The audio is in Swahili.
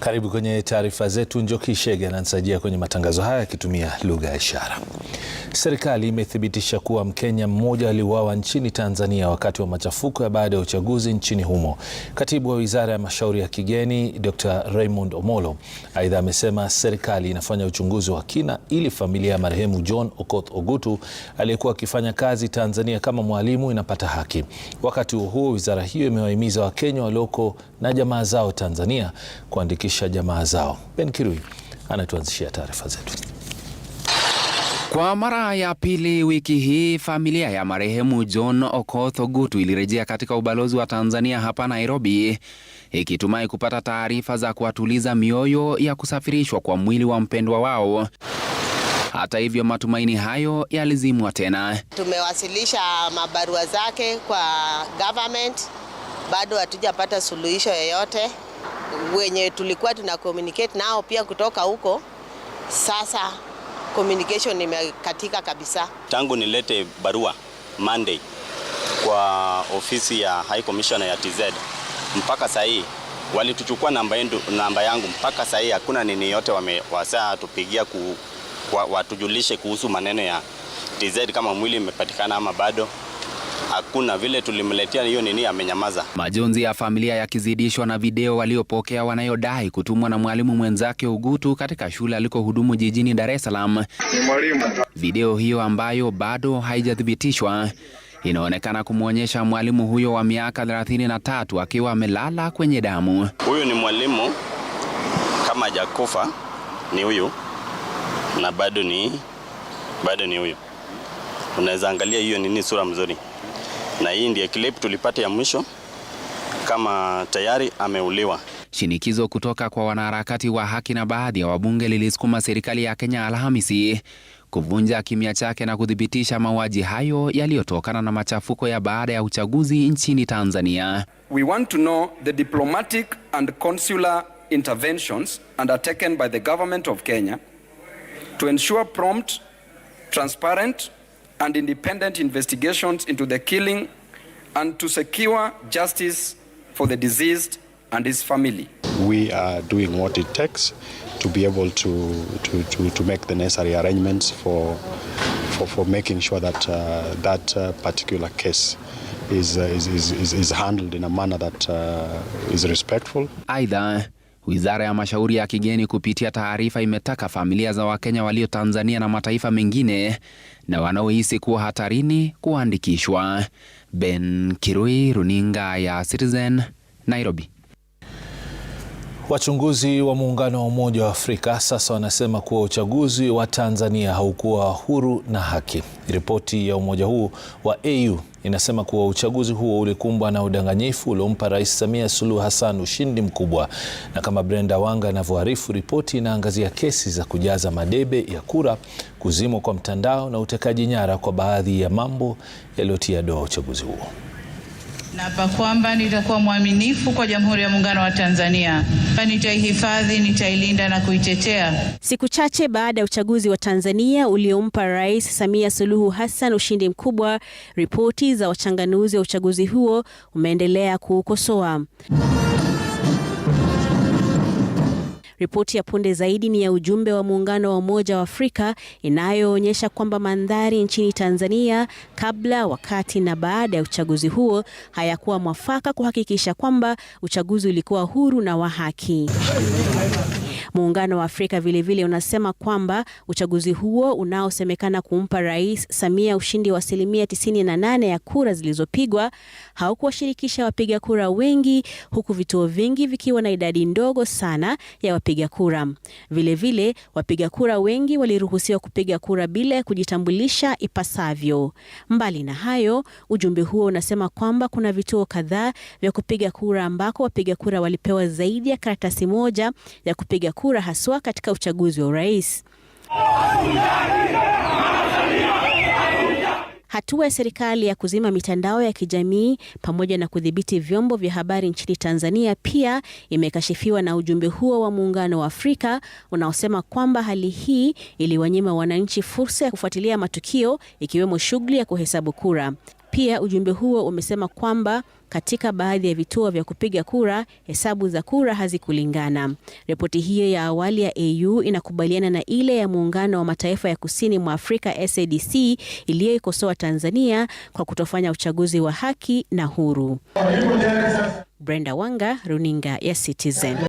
Karibu kwenye taarifa zetu. Njoki Shege anasajia kwenye matangazo haya akitumia lugha ya ishara. Serikali imethibitisha kuwa Mkenya mmoja aliuawa nchini Tanzania wakati wa machafuko ya baada ya uchaguzi nchini humo. Katibu wa Wizara ya Mashauri ya Kigeni, Dr. Raymond Omolo, aidha amesema serikali inafanya uchunguzi wa kina ili familia ya marehemu John Okoth Ogutu aliyekuwa akifanya kazi Tanzania kama mwalimu inapata haki. Wakati huo huo, wizara hiyo imewahimiza Wakenya walioko na jamaa zao Tanzania kuandikisha jamaa zao. Ben Kirui anatuanzishia taarifa zetu. Kwa mara ya pili wiki hii familia ya marehemu John Okoth Ogutu ilirejea katika ubalozi wa Tanzania hapa Nairobi ikitumai kupata taarifa za kuwatuliza mioyo ya kusafirishwa kwa mwili wa mpendwa wao. Hata hivyo, matumaini hayo yalizimwa tena. Tumewasilisha mabarua zake kwa government, bado hatujapata suluhisho yoyote. Wenye tulikuwa tuna communicate nao pia kutoka huko sasa communication imekatika kabisa. Tangu nilete barua Monday kwa ofisi ya High Commissioner ya TZ mpaka saa hii walituchukua namba, namba yangu mpaka saa hii hakuna nini yote wamewasaa tupigia ku, watujulishe kuhusu maneno ya TZ kama mwili imepatikana ama bado hakuna vile tulimletea hiyo nini, amenyamaza. Majonzi ya familia yakizidishwa na video waliopokea wanayodai kutumwa na mwalimu mwenzake Ugutu katika shule alikohudumu jijini Dar es Salaam. Ni mwalimu. Video hiyo ambayo bado haijathibitishwa inaonekana kumwonyesha mwalimu huyo wa miaka 33 akiwa amelala kwenye damu. Huyu ni mwalimu kama hajakufa ni huyu na bado ni bado ni huyu, unaweza angalia hiyo nini sura mzuri na hii ndiye clip tulipata ya mwisho kama tayari ameuliwa. Shinikizo kutoka kwa wanaharakati wa haki na baadhi ya wabunge lilisukuma serikali ya Kenya Alhamisi kuvunja kimya chake na kuthibitisha mauaji hayo yaliyotokana na machafuko ya baada ya uchaguzi nchini Tanzania. We want to know the diplomatic and consular interventions undertaken by the government of Kenya to ensure prompt, transparent and independent investigations into the killing and to secure justice for the deceased and his family. We are doing what it takes to be able to, to, to, to make the necessary arrangements for, for, for making sure that uh, that uh, particular case is, uh, is, is, is, handled in a manner that uh, is respectful. Either Wizara ya Mashauri ya Kigeni kupitia taarifa imetaka familia za Wakenya walio Tanzania na mataifa mengine na wanaohisi kuwa hatarini kuandikishwa. Ben Kirui, Runinga ya Citizen, Nairobi. Wachunguzi wa muungano wa Umoja wa Afrika sasa wanasema kuwa uchaguzi wa Tanzania haukuwa huru na haki. Ripoti ya umoja huo wa AU inasema kuwa uchaguzi huo ulikumbwa na udanganyifu uliompa Rais Samia Suluhu Hassan ushindi mkubwa. Na kama Brenda Wanga anavyoarifu, ripoti inaangazia kesi za kujaza madebe ya kura, kuzimwa kwa mtandao na utekaji nyara kwa baadhi ya mambo yaliyotia doa uchaguzi huo. Naapa kwamba nitakuwa mwaminifu kwa Jamhuri ya Muungano wa Tanzania, nitaihifadhi, nitailinda na kuitetea. Siku chache baada ya uchaguzi wa Tanzania uliompa Rais Samia Suluhu Hassan ushindi mkubwa, ripoti za wachanganuzi wa uchaguzi huo umeendelea kuukosoa. Ripoti ya punde zaidi ni ya ujumbe wa muungano wa Umoja wa Afrika inayoonyesha kwamba mandhari nchini Tanzania kabla, wakati na baada ya uchaguzi huo hayakuwa mwafaka kuhakikisha kwamba uchaguzi ulikuwa huru na wa haki. Muungano wa Afrika vilevile vile unasema kwamba uchaguzi huo unaosemekana kumpa Rais Samia ushindi wa asilimia 98 ya kura zilizopigwa haukuwashirikisha wapiga kura wengi, huku vituo vingi vikiwa na idadi ndogo sana ya wapiga kura. Vilevile wapiga kura wengi waliruhusiwa kupiga kura bila ya kujitambulisha ipasavyo. Mbali na hayo, ujumbe huo unasema kwamba kuna vituo kadhaa vya kupiga kura ambako wapiga kura walipewa zaidi ya karatasi moja ya kupiga kupiga kura haswa katika uchaguzi wa urais. Hatua ya serikali ya kuzima mitandao ya kijamii pamoja na kudhibiti vyombo vya habari nchini Tanzania pia imekashifiwa na ujumbe huo wa Muungano wa Afrika unaosema kwamba hali hii iliwanyima wananchi fursa ya kufuatilia matukio ikiwemo shughuli ya kuhesabu kura. Pia ujumbe huo umesema kwamba katika baadhi ya vituo vya kupiga kura hesabu za kura hazikulingana. Ripoti hiyo ya awali ya AU inakubaliana na ile ya Muungano wa Mataifa ya Kusini mwa Afrika SADC iliyoikosoa Tanzania kwa kutofanya uchaguzi wa haki na huru. Brenda Wanga, Runinga ya Citizen.